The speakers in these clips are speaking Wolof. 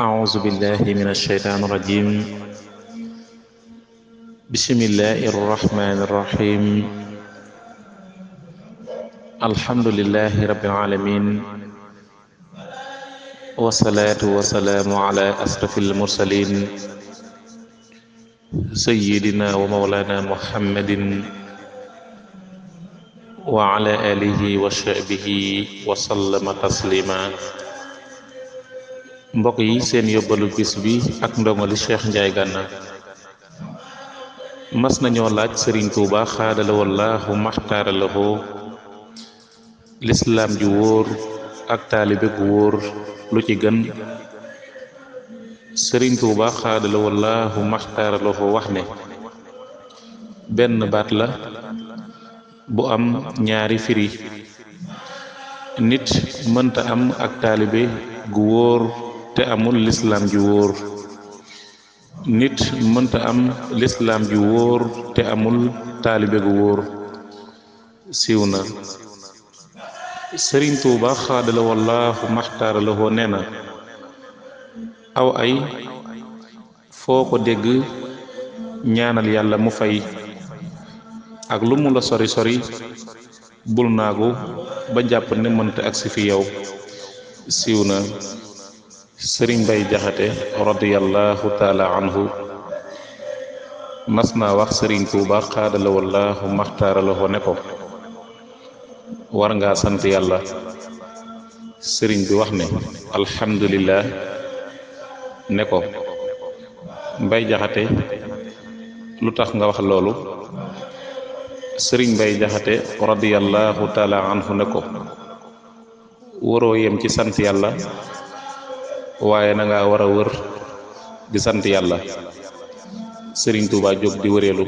أعوذ بالله من الشيطان الرجيم بسم الله الرحمن الرحيم الحمد لله رب العالمين والصلاة والسلام على أشرف المرسلين sayyidina wa mawlana muhammadin wa ala alihi wa sahbihi wa sallama taslima mbokk yi seen yóbbalu bis bi ak ndongoli Cheikh Ndiaye Gana mas nañoo laaj Sëriñ Tuuba xaadala wallaahu maxtaara lahu lislaam ju wóor ak taalibe gu wóor lu ci gën sëriñ Tuuba xaadala wallaahu maxtaarala fa wax ne benn baat la bu am ñaari firi nit mënta am ak taalibe gu wóor te amul lislaam ju wóor nit mënta am lislaam ju wóor te amul taalibe gu wóor siiw na sëriñ Tuuba xaadala wallaahu maxtaarala nee na aw ay foo ko dégg ñaanal yàlla mu fay ak lu mu la sori sori bul naagu ba jàpp ne mënta agsi fi yow siiw na sëriñ bay jaxate radiyallahu taala mas naa wax sëriñ tuuba xaadala wallahu maxtaarala ko ne ko war ngaa sant yàlla sëriñ bi wax ne alhamdulillah ne ko mbay jaxate lu tax nga wax loolu sëriñ mbay jaxate radiyallahu taala anhu ne ko waroo yem ci sant yàlla waaye na nga war a wër di sant yàlla sëriñ Tuuba jóg di wëreelu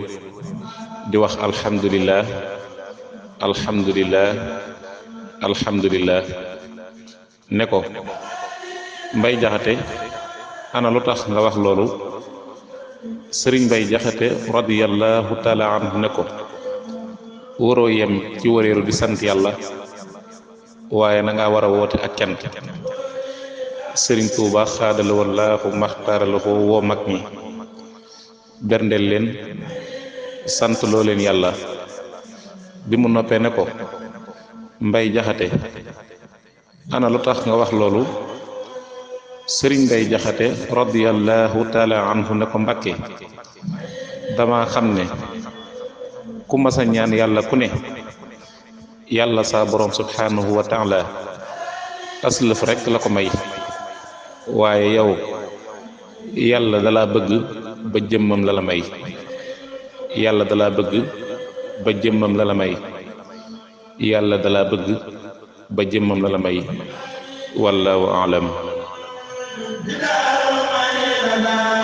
di wax alhamdulillah alhamdulillah alhamdulillah ne ko mbay jaxate ana lu tax nga wax loolu sëriñ bay jaxate radiyallahu taala anhu ne ko waroo yem ci wareeru di sant yàlla waaye nanga nga war a woote ak cant sëriñ tuuba xaadala wallaahu maxtaarala ko woo mag ñi berndeel leen sant loo leen bi mu noppee ne ko mbay jaxate ana lu tax nga wax loolu sëriñ bay jaxate radiallahu taala anhu ne ko mbàkke dama xam ne ku mas ñaan yàlla ku ne yàlla saa borom subhanahu wa taala aslëf rekk la ko may waaye yow yàlla dalaa bëgg ba jëmmam la la may yàlla dalaa bëgg ba jëmmam la la may yàlla dalaa bëgg ba jëmmam la la may wallaahu alam بلا عين لنا